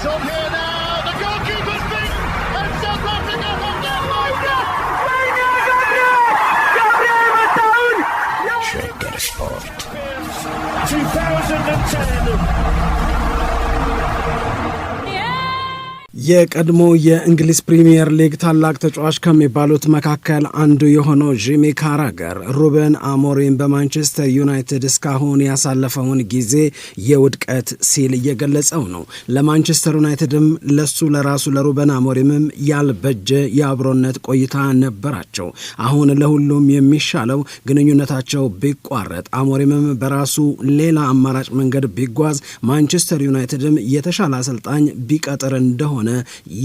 It's on here. የቀድሞ የእንግሊዝ ፕሪምየር ሊግ ታላቅ ተጫዋች ከሚባሉት መካከል አንዱ የሆነው ጂሚ ካራገር ሩበን አሞሪም በማንቸስተር ዩናይትድ እስካሁን ያሳለፈውን ጊዜ የውድቀት ሲል እየገለጸው ነው። ለማንቸስተር ዩናይትድም ለሱ ለራሱ ለሩበን አሞሪምም ያልበጀ የአብሮነት ቆይታ ነበራቸው። አሁን ለሁሉም የሚሻለው ግንኙነታቸው ቢቋረጥ፣ አሞሪምም በራሱ ሌላ አማራጭ መንገድ ቢጓዝ፣ ማንቸስተር ዩናይትድም የተሻለ አሰልጣኝ ቢቀጥር እንደሆነ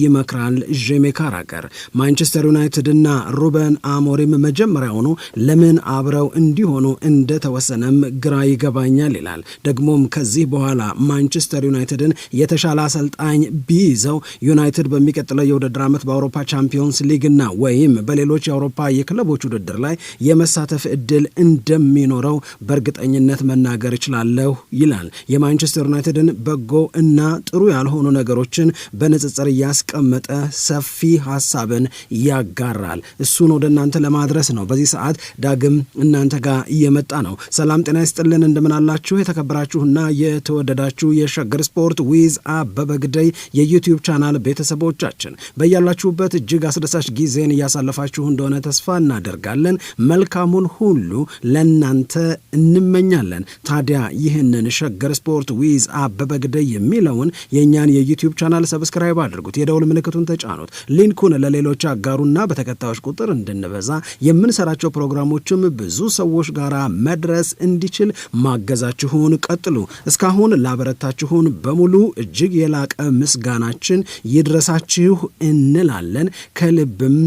ይመክራል ዤሜ ካራገር። ማንቸስተር ዩናይትድና ሩበን አሞሪም መጀመሪያውኑ ለምን አብረው እንዲሆኑ እንደተወሰነም ግራ ይገባኛል ይላል። ደግሞም ከዚህ በኋላ ማንቸስተር ዩናይትድን የተሻለ አሰልጣኝ ቢይዘው ዩናይትድ በሚቀጥለው የውድድር ዓመት በአውሮፓ ቻምፒዮንስ ሊግና ወይም በሌሎች የአውሮፓ የክለቦች ውድድር ላይ የመሳተፍ እድል እንደሚኖረው በእርግጠኝነት መናገር እችላለሁ ይላል። የማንቸስተር ዩናይትድን በጎ እና ጥሩ ያልሆኑ ነገሮችን በንጽጽ በቁጥር እያስቀመጠ ሰፊ ሀሳብን ያጋራል። እሱን ወደ እናንተ ለማድረስ ነው በዚህ ሰዓት ዳግም እናንተ ጋር እየመጣ ነው። ሰላም ጤና ይስጥልን፣ እንደምናላችሁ የተከበራችሁና የተወደዳችሁ የሸገር ስፖርት ዊዝ አበበ ግደይ የዩቲዩብ ቻናል ቤተሰቦቻችን በያላችሁበት እጅግ አስደሳች ጊዜን እያሳለፋችሁ እንደሆነ ተስፋ እናደርጋለን። መልካሙን ሁሉ ለእናንተ እንመኛለን። ታዲያ ይህንን ሸገር ስፖርት ዊዝ አበበ ግደይ የሚለውን የእኛን የዩቲዩብ ቻናል ሰብስክራይብ አድርጉት፣ የደውል ምልክቱን ተጫኑት፣ ሊንኩን ለሌሎች አጋሩና በተከታዮች ቁጥር እንድንበዛ የምንሰራቸው ፕሮግራሞችም ብዙ ሰዎች ጋር መድረስ እንዲችል ማገዛችሁን ቀጥሉ። እስካሁን ላበረታችሁን በሙሉ እጅግ የላቀ ምስጋናችን ይድረሳችሁ እንላለን ከልብም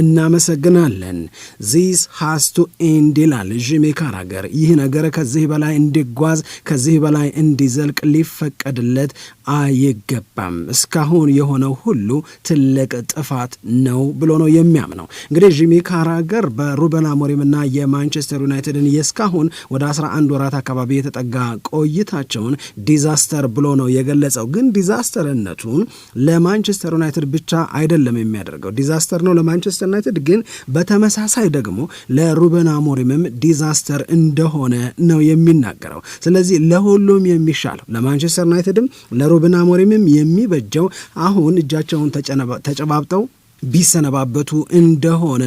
እናመሰግናለን። ዚስ ሃስቱ ኤንድ ይላል ዥሜ ካራገር። ይህ ነገር ከዚህ በላይ እንዲጓዝ ከዚህ በላይ እንዲዘልቅ ሊፈቀድለት አይገባም። እስካሁን የሆነው ሁሉ ትልቅ ጥፋት ነው ብሎ ነው የሚያምነው። እንግዲህ ዥሜ ካራገር በሩበን አሞሪምና የማንቸስተር ዩናይትድን የእስካሁን ወደ 11 ወራት አካባቢ የተጠጋ ቆይታቸውን ዲዛስተር ብሎ ነው የገለጸው። ግን ዲዛስተርነቱን ለማንቸስተር ዩናይትድ ብቻ አይደለም የሚያደርገው ዲዛስተር ነው ለማንቸስተር ማንቸስተር ዩናይትድ ግን በተመሳሳይ ደግሞ ለሩበን አሞሪምም ዲዛስተር እንደሆነ ነው የሚናገረው። ስለዚህ ለሁሉም የሚሻለው ለማንቸስተር ዩናይትድም ለሩበን አሞሪምም የሚበጀው አሁን እጃቸውን ተጨባብጠው ቢሰነባበቱ እንደሆነ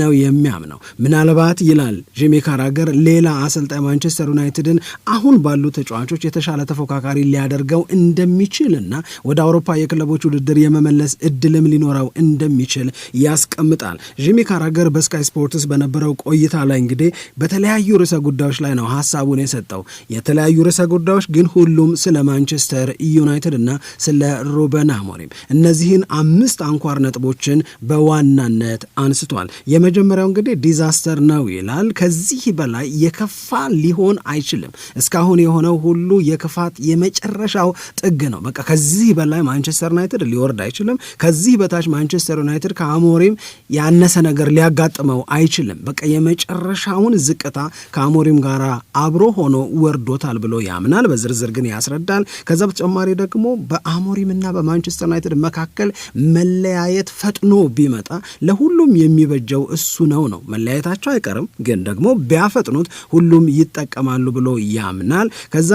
ነው የሚያምነው። ምናልባት ይላል ጂሚ ካራገር ሌላ አሰልጣኝ ማንቸስተር ዩናይትድን አሁን ባሉ ተጫዋቾች የተሻለ ተፎካካሪ ሊያደርገው እንደሚችልና ወደ አውሮፓ የክለቦች ውድድር የመመለስ እድልም ሊኖረው እንደሚችል ያስቀምጣል። ጂሚ ካራገር በስካይ ስፖርትስ በነበረው ቆይታ ላይ እንግዲህ በተለያዩ ርዕሰ ጉዳዮች ላይ ነው ሀሳቡን የሰጠው። የተለያዩ ርዕሰ ጉዳዮች ግን ሁሉም ስለ ማንቸስተር ዩናይትድ እና ስለ ሩበን አሞሪም እነዚህን አምስት አንኳር ነጥቦች ነጥቦችን በዋናነት አንስቷል። የመጀመሪያው እንግዲህ ዲዛስተር ነው ይላል። ከዚህ በላይ የከፋ ሊሆን አይችልም። እስካሁን የሆነው ሁሉ የክፋት የመጨረሻው ጥግ ነው። በቃ ከዚህ በላይ ማንቸስተር ዩናይትድ ሊወርድ አይችልም። ከዚህ በታች ማንቸስተር ዩናይትድ ከአሞሪም ያነሰ ነገር ሊያጋጥመው አይችልም። በቃ የመጨረሻውን ዝቅታ ከአሞሪም ጋር አብሮ ሆኖ ወርዶታል ብሎ ያምናል። በዝርዝር ግን ያስረዳል። ከዛ በተጨማሪ ደግሞ በአሞሪምና በማንቸስተር ዩናይትድ መካከል መለያየት ፈጥኖ ቢመጣ ለሁሉም የሚበጀው እሱ ነው ነው መለያየታቸው አይቀርም፣ ግን ደግሞ ቢያፈጥኑት ሁሉም ይጠቀማሉ ብሎ ያምናል። ከዛ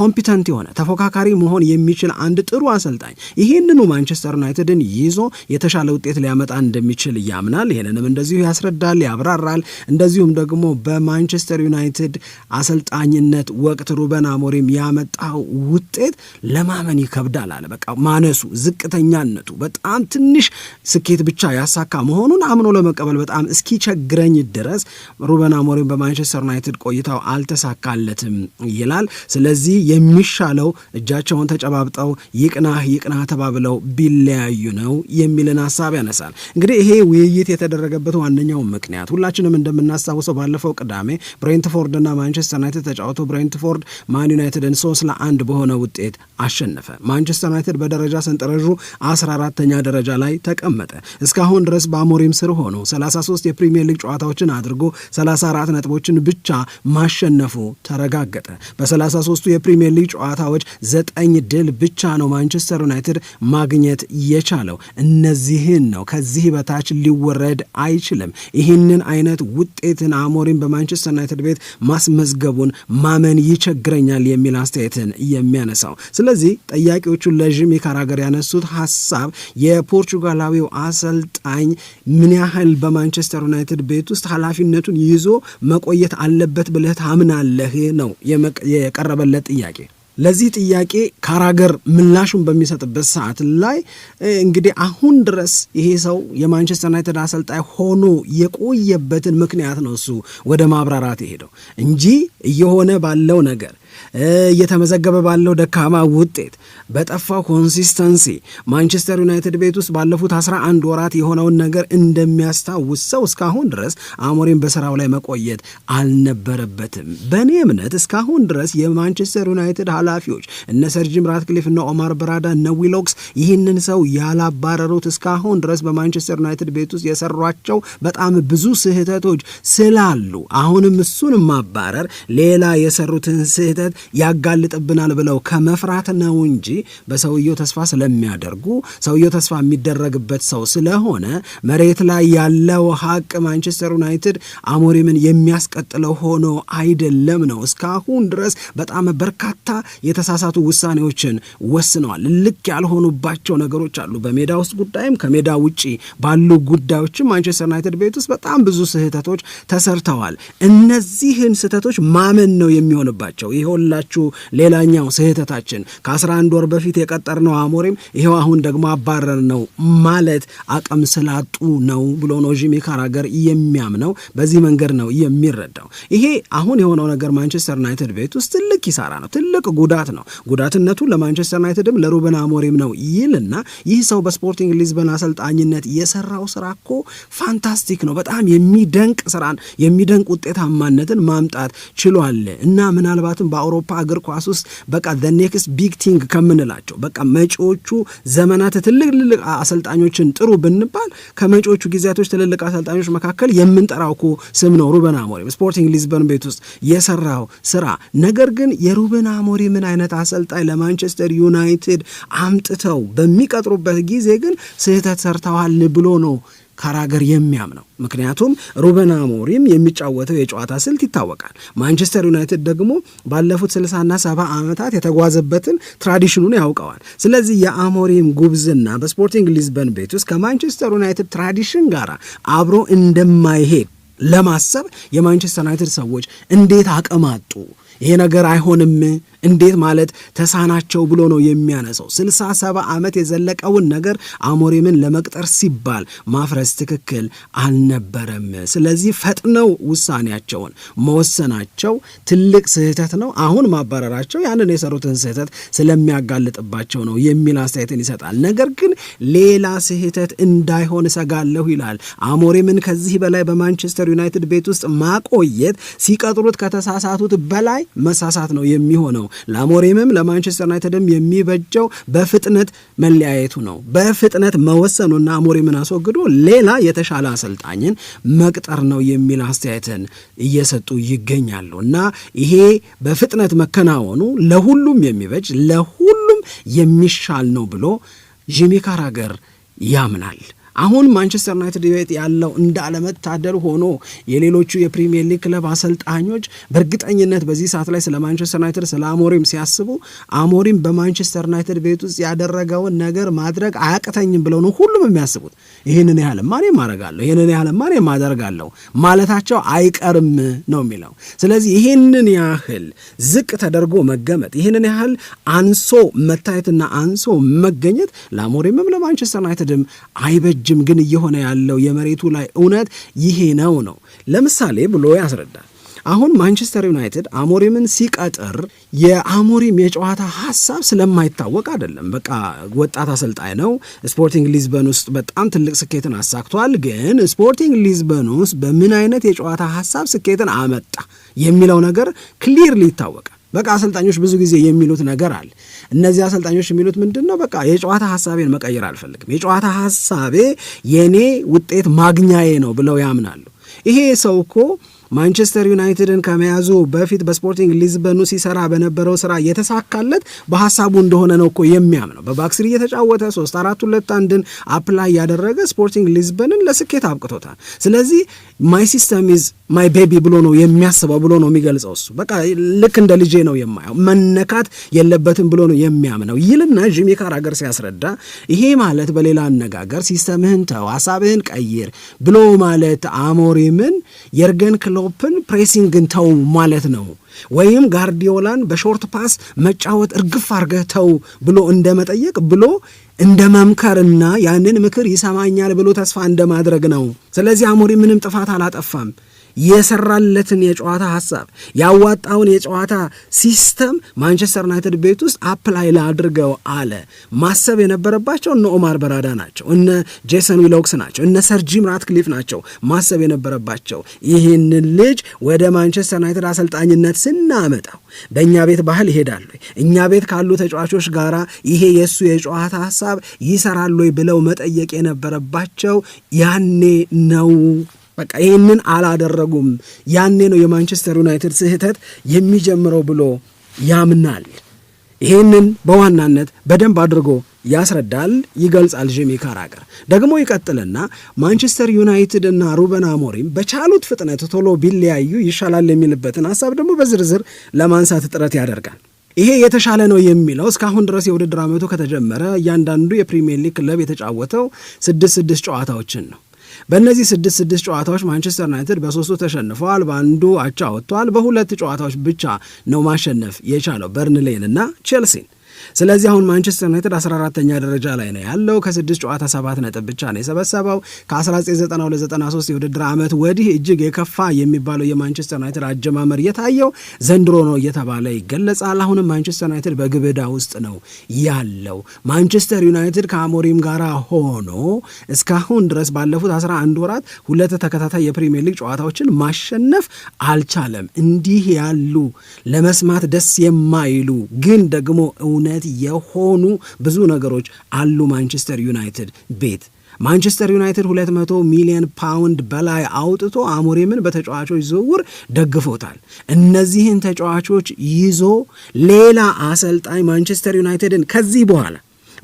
ኮምፒተንት የሆነ ተፎካካሪ መሆን የሚችል አንድ ጥሩ አሰልጣኝ ይህንኑ ማንቸስተር ዩናይትድን ይዞ የተሻለ ውጤት ሊያመጣ እንደሚችል ያምናል። ይህንንም እንደዚሁ ያስረዳል፣ ያብራራል። እንደዚሁም ደግሞ በማንቸስተር ዩናይትድ አሰልጣኝነት ወቅት ሩበን አሞሪም ያመጣው ውጤት ለማመን ይከብዳል አለ። በቃ ማነሱ፣ ዝቅተኛነቱ፣ በጣም ትንሽ ስኬት ብቻ ያሳካ መሆኑን አምኖ ለመቀበል በጣም እስኪቸግረኝ ድረስ ሩበን አሞሪም በማንቸስተር ዩናይትድ ቆይታው አልተሳካለትም ይላል። ስለዚህ የሚሻለው እጃቸውን ተጨባብጠው ይቅናህ ይቅናህ ተባብለው ቢለያዩ ነው የሚልን ሀሳብ ያነሳል። እንግዲህ ይሄ ውይይት የተደረገበት ዋነኛው ምክንያት ሁላችንም እንደምናስታውሰው ባለፈው ቅዳሜ ብሬንትፎርድ እና ማንቸስተር ዩናይትድ ተጫውቶ ብሬንትፎርድ ማን ዩናይትድን ሶስት ለአንድ በሆነ ውጤት አሸነፈ። ማንቸስተር ዩናይትድ በደረጃ ሰንጠረዡ አስራ አራተኛ ደረጃ ላይ ተቀመጠ። ተቀመጠ። እስካሁን ድረስ በአሞሪም ስር ሆኖ 33 የፕሪምየር ሊግ ጨዋታዎችን አድርጎ 34 ነጥቦችን ብቻ ማሸነፉ ተረጋገጠ። በ33ቱ ሊግ ጨዋታዎች ዘጠኝ ድል ብቻ ነው ማንቸስተር ዩናይትድ ማግኘት የቻለው። እነዚህን ነው ከዚህ በታች ሊወረድ አይችልም። ይህንን አይነት ውጤትን አሞሪም በማንቸስተር ዩናይትድ ቤት ማስመዝገቡን ማመን ይቸግረኛል የሚል አስተያየትን የሚያነሳው ስለዚህ ጠያቂዎቹ ለጂሚ ካራገር ያነሱት ሀሳብ የፖርቹጋላዊው አሰልጣኝ ምን ያህል በማንቸስተር ዩናይትድ ቤት ውስጥ ኃላፊነቱን ይዞ መቆየት አለበት ብለህ ታምናለህ ነው የቀረበለት ጥያቄ። ለዚህ ጥያቄ ካራገር ምላሹን በሚሰጥበት ሰዓት ላይ እንግዲህ አሁን ድረስ ይሄ ሰው የማንቸስተር ዩናይትድ አሰልጣኝ ሆኖ የቆየበትን ምክንያት ነው እሱ ወደ ማብራራት የሄደው እንጂ እየሆነ ባለው ነገር እየተመዘገበ ባለው ደካማ ውጤት፣ በጠፋው ኮንሲስተንሲ ማንቸስተር ዩናይትድ ቤት ውስጥ ባለፉት 11 ወራት የሆነውን ነገር እንደሚያስታውስ ሰው እስካሁን ድረስ አሞሪም በስራው ላይ መቆየት አልነበረበትም። በእኔ እምነት እስካሁን ድረስ የማንቸስተር ዩናይትድ ኃላፊዎች እነ ሰር ጂም ራትክሊፍ፣ እነ ኦማር ብራዳ፣ እነ ዊሎክስ ይህንን ሰው ያላባረሩት እስካሁን ድረስ በማንቸስተር ዩናይትድ ቤት ውስጥ የሰሯቸው በጣም ብዙ ስህተቶች ስላሉ አሁንም እሱን ማባረር ሌላ የሰሩትን ስህተት ያጋልጥብናል ብለው ከመፍራት ነው እንጂ በሰውየው ተስፋ ስለሚያደርጉ ሰውየው ተስፋ የሚደረግበት ሰው ስለሆነ መሬት ላይ ያለው ሀቅ ማንቸስተር ዩናይትድ አሞሪምን የሚያስቀጥለው ሆኖ አይደለም ነው። እስካሁን ድረስ በጣም በርካታ የተሳሳቱ ውሳኔዎችን ወስነዋል። ልክ ያልሆኑባቸው ነገሮች አሉ። በሜዳ ውስጥ ጉዳይም ከሜዳ ውጭ ባሉ ጉዳዮችም ማንቸስተር ዩናይትድ ቤት ውስጥ በጣም ብዙ ስህተቶች ተሰርተዋል። እነዚህን ስህተቶች ማመን ነው የሚሆንባቸው ይሆን ታውቃላችሁ። ሌላኛው ስህተታችን ከ11 ወር በፊት የቀጠርነው አሞሪም ይኸው አሁን ደግሞ አባረር ነው ማለት አቅም ስላጡ ነው ብሎ ነው ጂሚ ካራገር የሚያምነው። በዚህ መንገድ ነው የሚረዳው። ይሄ አሁን የሆነው ነገር ማንቸስተር ዩናይትድ ቤት ውስጥ ትልቅ ኪሳራ ነው፣ ትልቅ ጉዳት ነው። ጉዳትነቱ ለማንቸስተር ዩናይትድም ለሩበን አሞሪም ነው ይልና ይህ ሰው በስፖርቲንግ ሊዝበን አሰልጣኝነት የሰራው ስራ እኮ ፋንታስቲክ ነው። በጣም የሚደንቅ ስራን የሚደንቅ ውጤታማነትን ማምጣት ችሏል እና ምናልባትም በአውሮ በአውሮፓ እግር ኳስ ውስጥ በቃ ዘ ኔክስት ቢግ ቲንግ ከምንላቸው በቃ መጪዎቹ ዘመናት ትልቅ ትልቅ አሰልጣኞችን ጥሩ ብንባል ከመጪዎቹ ጊዜያቶች ትልልቅ አሰልጣኞች መካከል የምንጠራው እኮ ስም ነው ሩበን አሞሪም። ስፖርቲንግ ሊዝበን ቤት ውስጥ የሰራው ስራ ነገር ግን የሩበን ምን አይነት አሰልጣኝ ለማንቸስተር ዩናይትድ አምጥተው በሚቀጥሩበት ጊዜ ግን ስህተት ሰርተዋል ብሎ ነው ካራገር የሚያምነው። ምክንያቱም ሩበን አሞሪም የሚጫወተው የጨዋታ ስልት ይታወቃል። ማንቸስተር ዩናይትድ ደግሞ ባለፉት ስልሳና ሰባ ዓመታት የተጓዘበትን ትራዲሽኑን ያውቀዋል። ስለዚህ የአሞሪም ጉብዝና በስፖርቲንግ ሊዝበን ቤት ውስጥ ከማንቸስተር ዩናይትድ ትራዲሽን ጋር አብሮ እንደማይሄድ ለማሰብ የማንቸስተር ዩናይትድ ሰዎች እንዴት አቅም አጡ ይሄ ነገር አይሆንም እንዴት ማለት ተሳናቸው ብሎ ነው የሚያነሳው። ስልሳ ሰባ ዓመት የዘለቀውን ነገር አሞሪምን ለመቅጠር ሲባል ማፍረስ ትክክል አልነበረም። ስለዚህ ፈጥነው ውሳኔያቸውን መወሰናቸው ትልቅ ስህተት ነው። አሁን ማባረራቸው ያንን የሰሩትን ስህተት ስለሚያጋልጥባቸው ነው የሚል አስተያየትን ይሰጣል። ነገር ግን ሌላ ስህተት እንዳይሆን እሰጋለሁ ይላል። አሞሪምን ከዚህ በላይ በማንቸስተር ዩናይትድ ቤት ውስጥ ማቆየት ሲቀጥሩት ከተሳሳቱት በላይ መሳሳት ነው የሚሆነው። ለአሞሪምም ለማንቸስተር ዩናይትድም የሚበጀው በፍጥነት መለያየቱ ነው፣ በፍጥነት መወሰኑና አሞሪምን አስወግዶ ሌላ የተሻለ አሰልጣኝን መቅጠር ነው የሚል አስተያየትን እየሰጡ ይገኛሉ። እና ይሄ በፍጥነት መከናወኑ ለሁሉም የሚበጅ ለሁሉም የሚሻል ነው ብሎ ጂሚ ካራገር ያምናል። አሁን ማንቸስተር ዩናይትድ ቤት ያለው እንዳለመታደል ሆኖ የሌሎቹ የፕሪሚየር ሊግ ክለብ አሰልጣኞች በእርግጠኝነት በዚህ ሰዓት ላይ ስለ ማንቸስተር ዩናይትድ ስለ አሞሪም ሲያስቡ አሞሪም በማንቸስተር ዩናይትድ ቤት ውስጥ ያደረገውን ነገር ማድረግ አያቅተኝም ብለው ነው ሁሉም የሚያስቡት። ይህንን ያህል እኔ ማድረጋለሁ፣ ይህንን ያህል እኔ ማደርጋለሁ ማለታቸው አይቀርም ነው የሚለው። ስለዚህ ይህንን ያህል ዝቅ ተደርጎ መገመጥ፣ ይህንን ያህል አንሶ መታየትና አንሶ መገኘት ለአሞሪምም ለማንቸስተር ዩናይትድም አይበጅ ረጅም ግን እየሆነ ያለው የመሬቱ ላይ እውነት ይሄ ነው ነው ለምሳሌ ብሎ ያስረዳል። አሁን ማንቸስተር ዩናይትድ አሞሪምን ሲቀጥር የአሞሪም የጨዋታ ሀሳብ ስለማይታወቅ አይደለም። በቃ ወጣት አሰልጣኝ ነው። ስፖርቲንግ ሊዝበን ውስጥ በጣም ትልቅ ስኬትን አሳክቷል። ግን ስፖርቲንግ ሊዝበን ውስጥ በምን አይነት የጨዋታ ሀሳብ ስኬትን አመጣ የሚለው ነገር ክሊርሊ ይታወቃል። በቃ አሰልጣኞች ብዙ ጊዜ የሚሉት ነገር አለ። እነዚህ አሰልጣኞች የሚሉት ምንድን ነው? በቃ የጨዋታ ሀሳቤን መቀየር አልፈልግም፣ የጨዋታ ሀሳቤ የኔ ውጤት ማግኛዬ ነው ብለው ያምናሉ። ይሄ ሰው እኮ ማንቸስተር ዩናይትድን ከመያዙ በፊት በስፖርቲንግ ሊዝበኑ ሲሰራ በነበረው ስራ የተሳካለት በሀሳቡ እንደሆነ ነው እኮ የሚያምነው። በባክስሪ እየተጫወተ ሶስት አራት ሁለት አንድን አፕላይ ያደረገ ስፖርቲንግ ሊዝበንን ለስኬት አብቅቶታል። ስለዚህ ማይ ሲስተም ኢዝ ማይ ቤቢ ብሎ ነው የሚያስበው ብሎ ነው የሚገልጸው። እሱ በቃ ልክ እንደ ልጄ ነው የማየው መነካት የለበትም ብሎ ነው የሚያምነው ይልና ጂሚ ካራገር ሲያስረዳ ይሄ ማለት በሌላ አነጋገር ሲስተምህን ተው፣ ሀሳብህን ቀይር ብሎ ማለት አሞሪምን የርገን ክሎ ክሎፕን ፕሬሲንግን ተው ማለት ነው ወይም ጋርዲዮላን በሾርት ፓስ መጫወት እርግፍ አርገህ ተው ብሎ እንደመጠየቅ ብሎ እንደ መምከርና ያንን ምክር ይሰማኛል ብሎ ተስፋ እንደማድረግ ነው። ስለዚህ አሞሪ ምንም ጥፋት አላጠፋም። የሰራለትን የጨዋታ ሀሳብ ያዋጣውን የጨዋታ ሲስተም ማንቸስተር ዩናይትድ ቤት ውስጥ አፕላይ ላድርገው አለ። ማሰብ የነበረባቸው እነ ኦማር በራዳ ናቸው፣ እነ ጄሰን ዊሎክስ ናቸው፣ እነ ሰር ጂም ራትክሊፍ ናቸው ማሰብ የነበረባቸው። ይህንን ልጅ ወደ ማንቸስተር ዩናይትድ አሰልጣኝነት ስናመጣው በእኛ ቤት ባህል ይሄዳሉ፣ እኛ ቤት ካሉ ተጫዋቾች ጋራ ይሄ የእሱ የጨዋታ ሀሳብ ይሰራሉ ብለው መጠየቅ የነበረባቸው ያኔ ነው። በቃ ይህንን አላደረጉም። ያኔ ነው የማንቸስተር ዩናይትድ ስህተት የሚጀምረው ብሎ ያምናል። ይህንን በዋናነት በደንብ አድርጎ ያስረዳል፣ ይገልጻል። ጂሚ ካራገር ደግሞ ይቀጥልና ማንቸስተር ዩናይትድ እና ሩበን አሞሪም በቻሉት ፍጥነት ቶሎ ቢለያዩ ይሻላል የሚልበትን ሀሳብ ደግሞ በዝርዝር ለማንሳት ጥረት ያደርጋል። ይሄ የተሻለ ነው የሚለው እስካሁን ድረስ የውድድር ዓመቱ ከተጀመረ እያንዳንዱ የፕሪሚየር ሊግ ክለብ የተጫወተው ስድስት ስድስት ጨዋታዎችን ነው። በእነዚህ ስድስት ስድስት ጨዋታዎች ማንቸስተር ዩናይትድ በሶስቱ ተሸንፈዋል፣ በአንዱ አቻ ወጥቷል። በሁለት ጨዋታዎች ብቻ ነው ማሸነፍ የቻለው እና ቼልሲን። ስለዚህ አሁን ማንቸስተር ዩናይትድ 14ተኛ ደረጃ ላይ ነው ያለው። ከስድስት ጨዋታ ሰባት ነጥብ ብቻ ነው የሰበሰበው። ከ1992/93 የውድድር ዓመት ወዲህ እጅግ የከፋ የሚባለው የማንቸስተር ዩናይትድ አጀማመር የታየው ዘንድሮ ነው እየተባለ ይገለጻል። አሁንም ማንቸስተር ዩናይትድ በግብ ዕዳ ውስጥ ነው ያለው። ማንቸስተር ዩናይትድ ከአሞሪም ጋር ሆኖ እስካሁን ድረስ ባለፉት 11 ወራት ሁለት ተከታታይ የፕሪሚየር ሊግ ጨዋታዎችን ማሸነፍ አልቻለም። እንዲህ ያሉ ለመስማት ደስ የማይሉ ግን ደግሞ እው እውነት የሆኑ ብዙ ነገሮች አሉ ማንቸስተር ዩናይትድ ቤት። ማንቸስተር ዩናይትድ 200 ሚሊዮን ፓውንድ በላይ አውጥቶ አሞሪምን በተጫዋቾች ዝውውር ደግፎታል። እነዚህን ተጫዋቾች ይዞ ሌላ አሰልጣኝ ማንቸስተር ዩናይትድን ከዚህ በኋላ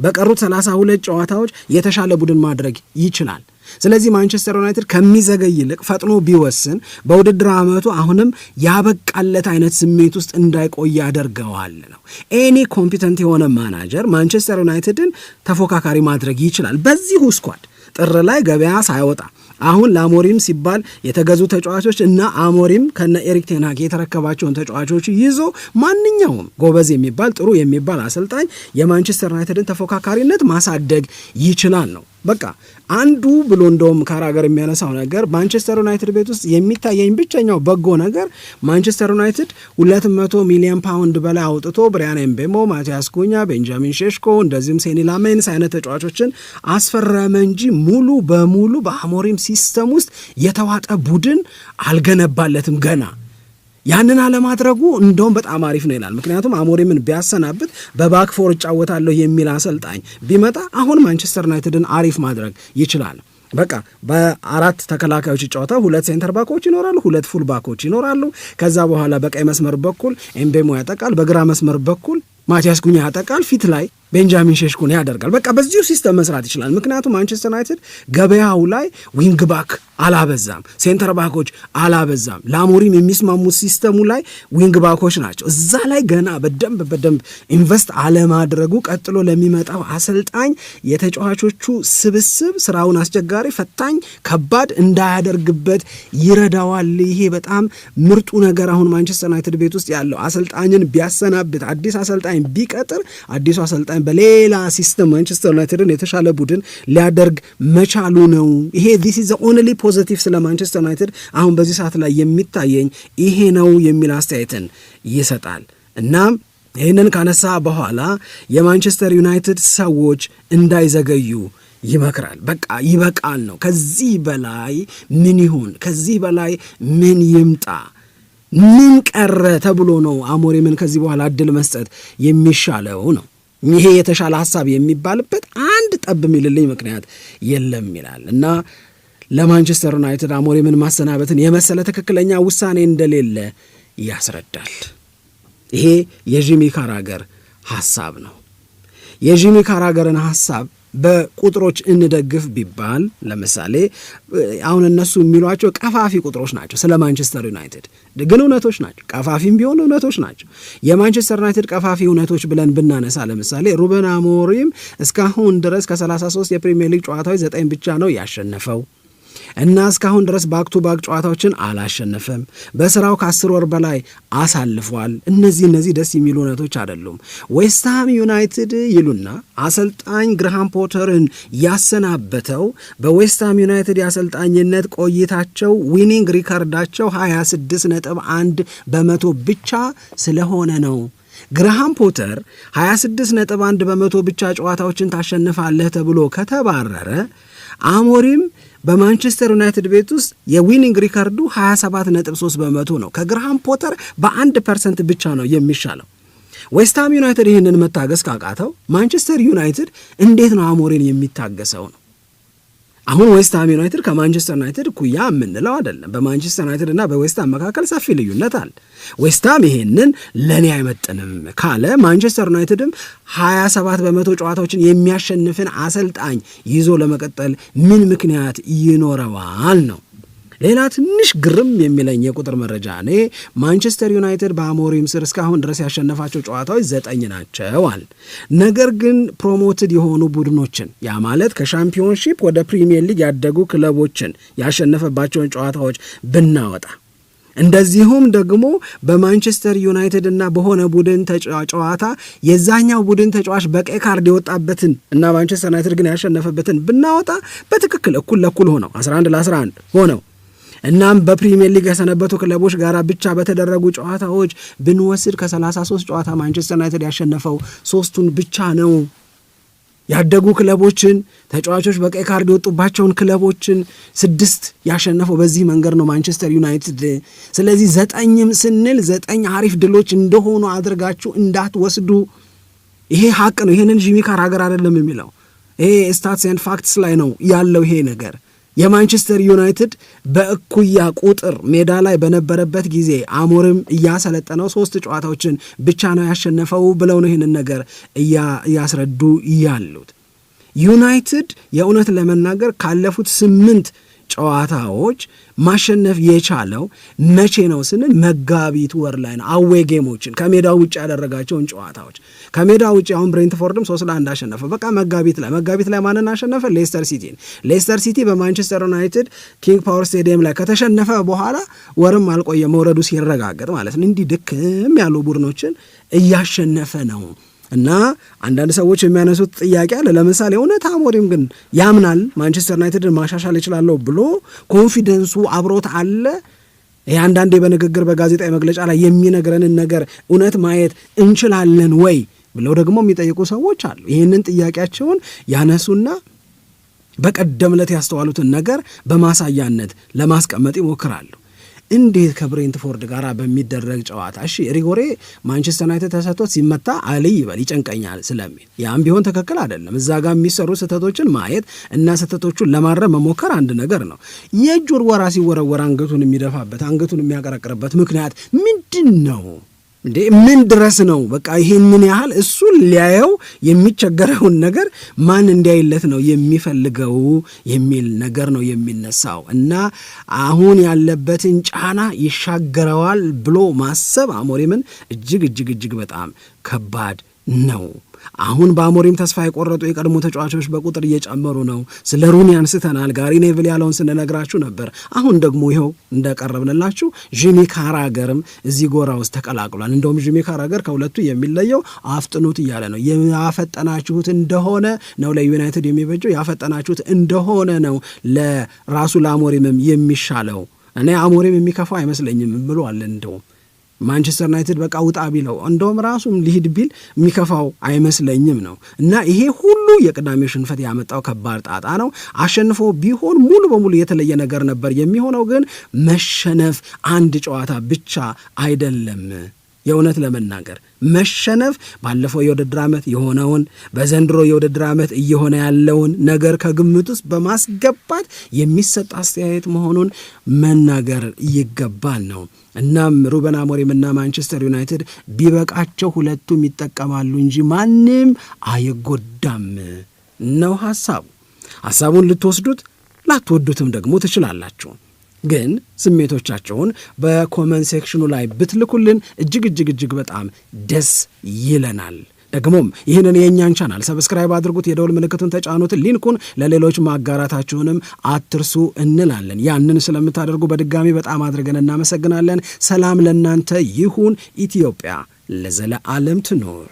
በቀሩት 32 ጨዋታዎች የተሻለ ቡድን ማድረግ ይችላል። ስለዚህ ማንቸስተር ዩናይትድ ከሚዘገይ ይልቅ ፈጥኖ ቢወስን በውድድር ዓመቱ አሁንም ያበቃለት አይነት ስሜት ውስጥ እንዳይቆይ ያደርገዋል ነው። ኤኒ ኮምፒተንት የሆነ ማናጀር ማንቸስተር ዩናይትድን ተፎካካሪ ማድረግ ይችላል። በዚሁ ስኳድ ጥር ላይ ገበያ ሳይወጣ አሁን ለአሞሪም ሲባል የተገዙ ተጫዋቾች እና አሞሪም ከነ ኤሪክ ቴንሃግ የተረከባቸውን ተጫዋቾች ይዞ ማንኛውም ጎበዝ የሚባል ጥሩ የሚባል አሰልጣኝ የማንቸስተር ዩናይትድን ተፎካካሪነት ማሳደግ ይችላል ነው በቃ አንዱ ብሎ እንደውም ካራገር የሚያነሳው ነገር ማንቸስተር ዩናይትድ ቤት ውስጥ የሚታየኝ ብቸኛው በጎ ነገር ማንቸስተር ዩናይትድ ሁለት መቶ ሚሊዮን ፓውንድ በላይ አውጥቶ ብሪያን ኤምቤሞ፣ ማቲያስ ኩኛ፣ ቤንጃሚን ሼሽኮ እንደዚሁም ሴኒ ላሜንስ አይነት ተጫዋቾችን አስፈረመ እንጂ ሙሉ በሙሉ በአሞሪም ሲስተም ውስጥ የተዋጠ ቡድን አልገነባለትም ገና ያንን አለማድረጉ እንደውም በጣም አሪፍ ነው ይላል። ምክንያቱም አሞሪምን ቢያሰናብት በባክፎር እጫወታለሁ የሚል አሰልጣኝ ቢመጣ አሁን ማንቸስተር ዩናይትድን አሪፍ ማድረግ ይችላል። በቃ በአራት ተከላካዮች ጨዋታ ሁለት ሴንተር ባኮች ይኖራሉ፣ ሁለት ፉል ባኮች ይኖራሉ። ከዛ በኋላ በቀይ መስመር በኩል ኤምቤሞ ያጠቃል፣ በግራ መስመር በኩል ማቲያስ ጉኛ ያጠቃል፣ ፊት ላይ ቤንጃሚን ሼሽኩን ያደርጋል። በቃ በዚሁ ሲስተም መስራት ይችላል። ምክንያቱም ማንቸስተር ዩናይትድ ገበያው ላይ ዊንግ ባክ አላበዛም። ሴንተር ባኮች አላበዛም። ላሞሪም የሚስማሙት ሲስተሙ ላይ ዊንግ ባኮች ናቸው። እዛ ላይ ገና በደንብ በደንብ ኢንቨስት አለማድረጉ ቀጥሎ ለሚመጣው አሰልጣኝ የተጫዋቾቹ ስብስብ ስራውን አስቸጋሪ፣ ፈታኝ፣ ከባድ እንዳያደርግበት ይረዳዋል። ይሄ በጣም ምርጡ ነገር አሁን ማንቸስተር ዩናይትድ ቤት ውስጥ ያለው አሰልጣኝን ቢያሰናብት አዲስ አሰልጣኝ ቢቀጥር አዲሱ አሰልጣኝ በሌላ ሲስተም ማንቸስተር ዩናይትድን የተሻለ ቡድን ሊያደርግ መቻሉ ነው። ይሄ ዲስ ኢዝ ኦንሊ ፖዘቲቭ ስለ ማንቸስተር ዩናይትድ አሁን በዚህ ሰዓት ላይ የሚታየኝ ይሄ ነው የሚል አስተያየትን ይሰጣል። እናም ይህንን ካነሳ በኋላ የማንቸስተር ዩናይትድ ሰዎች እንዳይዘገዩ ይመክራል። በቃ ይበቃል ነው። ከዚህ በላይ ምን ይሁን? ከዚህ በላይ ምን ይምጣ? ምን ቀረ ተብሎ ነው አሞሪምን ከዚህ በኋላ እድል መስጠት የሚሻለው ነው። ይሄ የተሻለ ሀሳብ የሚባልበት አንድ ጠብ የሚልልኝ ምክንያት የለም ይላል እና ለማንቸስተር ዩናይትድ አሞሪምን ማሰናበትን የመሰለ ትክክለኛ ውሳኔ እንደሌለ ያስረዳል። ይሄ የጂሚ ካራገር ሐሳብ ነው። የጂሚ ካራገርን ሐሳብ በቁጥሮች እንደግፍ ቢባል ለምሳሌ አሁን እነሱ የሚሏቸው ቀፋፊ ቁጥሮች ናቸው ስለ ማንቸስተር ዩናይትድ ግን እውነቶች ናቸው። ቀፋፊም ቢሆን እውነቶች ናቸው። የማንቸስተር ዩናይትድ ቀፋፊ እውነቶች ብለን ብናነሳ ለምሳሌ ሩበን አሞሪም እስካሁን ድረስ ከ33 የፕሪምየር ሊግ ጨዋታዎች ዘጠኝ ብቻ ነው ያሸነፈው። እና እስካሁን ድረስ ባክቱ ባክ ጨዋታዎችን አላሸነፈም። በስራው ከአስር ወር በላይ አሳልፏል። እነዚህ እነዚህ ደስ የሚሉ እውነቶች አይደሉም። ዌስትሃም ዩናይትድ ይሉና አሰልጣኝ ግርሃም ፖተርን ያሰናበተው በዌስትሃም ዩናይትድ የአሰልጣኝነት ቆይታቸው ዊኒንግ ሪከርዳቸው 26 ነጥብ 1 በመቶ ብቻ ስለሆነ ነው። ግርሃም ፖተር 26 ነጥብ 1 በመቶ ብቻ ጨዋታዎችን ታሸንፋለህ ተብሎ ከተባረረ አሞሪም በማንቸስተር ዩናይትድ ቤት ውስጥ የዊኒንግ ሪካርዱ 27.3 በመቶ ነው። ከግርሃም ፖተር በአንድ ፐርሰንት ብቻ ነው የሚሻለው። ዌስትሃም ዩናይትድ ይህንን መታገስ ካቃተው ማንቸስተር ዩናይትድ እንዴት ነው አሞሪን የሚታገሰው ነው? አሁን ዌስትሃም ዩናይትድ ከማንቸስተር ዩናይትድ ኩያ የምንለው አይደለም። በማንቸስተር ዩናይትድ እና በዌስትሃም መካከል ሰፊ ልዩነት አለ። ዌስትሃም ይሄንን ለእኔ አይመጥንም ካለ ማንቸስተር ዩናይትድም 27 በመቶ ጨዋታዎችን የሚያሸንፍን አሰልጣኝ ይዞ ለመቀጠል ምን ምክንያት ይኖረዋል ነው ሌላ ትንሽ ግርም የሚለኝ የቁጥር መረጃ እኔ ማንቸስተር ዩናይትድ በአሞሪም ስር እስካሁን ድረስ ያሸነፋቸው ጨዋታዎች ዘጠኝ ናቸዋል። ነገር ግን ፕሮሞትድ የሆኑ ቡድኖችን ያ ማለት ከሻምፒዮንሺፕ ወደ ፕሪሚየር ሊግ ያደጉ ክለቦችን ያሸነፈባቸውን ጨዋታዎች ብናወጣ እንደዚሁም ደግሞ በማንቸስተር ዩናይትድ እና በሆነ ቡድን ጨዋታ የዛኛው ቡድን ተጫዋች በቀይ ካርድ የወጣበትን እና ማንቸስተር ዩናይትድ ግን ያሸነፈበትን ብናወጣ በትክክል እኩል ለእኩል ሆነው 11 ለ11 ሆነው እናም በፕሪሚየር ሊግ ከሰነበቱ ክለቦች ጋር ብቻ በተደረጉ ጨዋታዎች ብንወስድ ከ33 ጨዋታ ማንቸስተር ዩናይትድ ያሸነፈው ሶስቱን ብቻ ነው። ያደጉ ክለቦችን ተጫዋቾች በቀይ ካርድ የወጡባቸውን ክለቦችን ስድስት ያሸነፈው በዚህ መንገድ ነው ማንቸስተር ዩናይትድ። ስለዚህ ዘጠኝም ስንል ዘጠኝ አሪፍ ድሎች እንደሆኑ አድርጋችሁ እንዳትወስዱ። ይሄ ሀቅ ነው። ይህንን ጂሚ ሀገር አይደለም የሚለው ይሄ ስታትስ ኤንድ ፋክትስ ላይ ነው ያለው ይሄ ነገር የማንቸስተር ዩናይትድ በእኩያ ቁጥር ሜዳ ላይ በነበረበት ጊዜ አሞሪም እያሰለጠነው ሶስት ጨዋታዎችን ብቻ ነው ያሸነፈው ብለው ነው ይህንን ነገር እያስረዱ ያሉት። ዩናይትድ የእውነት ለመናገር ካለፉት ስምንት ጨዋታዎች ማሸነፍ የቻለው መቼ ነው ስንል መጋቢት ወር ላይ ነው። አዌ ጌሞችን ከሜዳ ውጭ ያደረጋቸውን ጨዋታዎች ከሜዳ ውጭ አሁን ብሬንትፎርድም ሶስት ለአንድ አሸነፈ። በቃ መጋቢት ላይ መጋቢት ላይ ማንን አሸነፈ? ሌስተር ሲቲን። ሌስተር ሲቲ በማንቸስተር ዩናይትድ ኪንግ ፓወር ስቴዲየም ላይ ከተሸነፈ በኋላ ወርም አልቆየ መውረዱ ሲረጋገጥ ማለት ነው። እንዲህ ድክም ያሉ ቡድኖችን እያሸነፈ ነው። እና አንዳንድ ሰዎች የሚያነሱት ጥያቄ አለ። ለምሳሌ እውነት አሞሪም ግን ያምናል ማንቸስተር ዩናይትድን ማሻሻል ይችላለሁ ብሎ ኮንፊደንሱ አብሮት አለ። ይህ አንዳንዴ በንግግር በጋዜጣዊ መግለጫ ላይ የሚነግረንን ነገር እውነት ማየት እንችላለን ወይ ብለው ደግሞ የሚጠይቁ ሰዎች አሉ። ይህንን ጥያቄያቸውን ያነሱና በቀደም ዕለት ያስተዋሉትን ነገር በማሳያነት ለማስቀመጥ ይሞክራሉ። እንዴት ከብሬንትፎርድ ጋር በሚደረግ ጨዋታ እሺ ሪጎሬ ማንቸስተር ዩናይትድ ተሰጥቶት ሲመታ አልይ ይበል ይጨንቀኛል ስለሚል ያም ቢሆን ትክክል አይደለም። እዛ ጋር የሚሰሩ ስህተቶችን ማየት እና ስህተቶቹን ለማረም መሞከር አንድ ነገር ነው። የእጅ ውርወራ ሲወረወር አንገቱን የሚደፋበት አንገቱን የሚያቀረቅርበት ምክንያት ምንድን ነው? እንዴ ምን ድረስ ነው? በቃ ይህንን ያህል እሱን ሊያየው የሚቸገረውን ነገር ማን እንዲያይለት ነው የሚፈልገው የሚል ነገር ነው የሚነሳው እና አሁን ያለበትን ጫና ይሻገረዋል ብሎ ማሰብ አሞሪምን እጅግ እጅግ እጅግ በጣም ከባድ ነው። አሁን በአሞሪም ተስፋ የቆረጡ የቀድሞ ተጫዋቾች በቁጥር እየጨመሩ ነው። ስለ ሩኒ አንስተናል። ጋሪ ኔቪል ያለውን ስንነግራችሁ ነበር። አሁን ደግሞ ይኸው እንደቀረብንላችሁ ዥሚ ካራገርም እዚህ ጎራ ውስጥ ተቀላቅሏል። እንደውም ጂሚ ካራገር ከሁለቱ የሚለየው አፍጥኑት እያለ ነው። ያፈጠናችሁት እንደሆነ ነው ለዩናይትድ የሚበጀው፣ ያፈጠናችሁት እንደሆነ ነው ለራሱ ለአሞሪምም የሚሻለው። እኔ አሞሪም የሚከፋው አይመስለኝም ብሏል እንደውም ማንቸስተር ዩናይትድ በቃ ውጣ ቢለው እንደውም ራሱም ሊሂድ ቢል የሚከፋው አይመስለኝም ነው እና ይሄ ሁሉ የቅዳሜ ሽንፈት ያመጣው ከባድ ጣጣ ነው። አሸንፎ ቢሆን ሙሉ በሙሉ የተለየ ነገር ነበር የሚሆነው። ግን መሸነፍ አንድ ጨዋታ ብቻ አይደለም። የእውነት ለመናገር መሸነፍ ባለፈው የውድድር ዓመት የሆነውን በዘንድሮ የውድድር ዓመት እየሆነ ያለውን ነገር ከግምት ውስጥ በማስገባት የሚሰጥ አስተያየት መሆኑን መናገር ይገባል ነው። እናም ሩበን አሞሪም እና ማንቸስተር ዩናይትድ ቢበቃቸው ሁለቱም ይጠቀማሉ እንጂ ማንም አይጎዳም ነው ሀሳቡ። ሀሳቡን ልትወስዱት ላትወዱትም ደግሞ ትችላላችሁ። ግን ስሜቶቻቸውን በኮመን ሴክሽኑ ላይ ብትልኩልን እጅግ እጅግ እጅግ በጣም ደስ ይለናል። ደግሞም ይህንን የእኛን ቻናል ሰብስክራይብ አድርጉት፣ የደውል ምልክቱን ተጫኑት፣ ሊንኩን ለሌሎች ማጋራታችሁንም አትርሱ እንላለን። ያንን ስለምታደርጉ በድጋሚ በጣም አድርገን እናመሰግናለን። ሰላም ለእናንተ ይሁን። ኢትዮጵያ ለዘለዓለም ትኖር።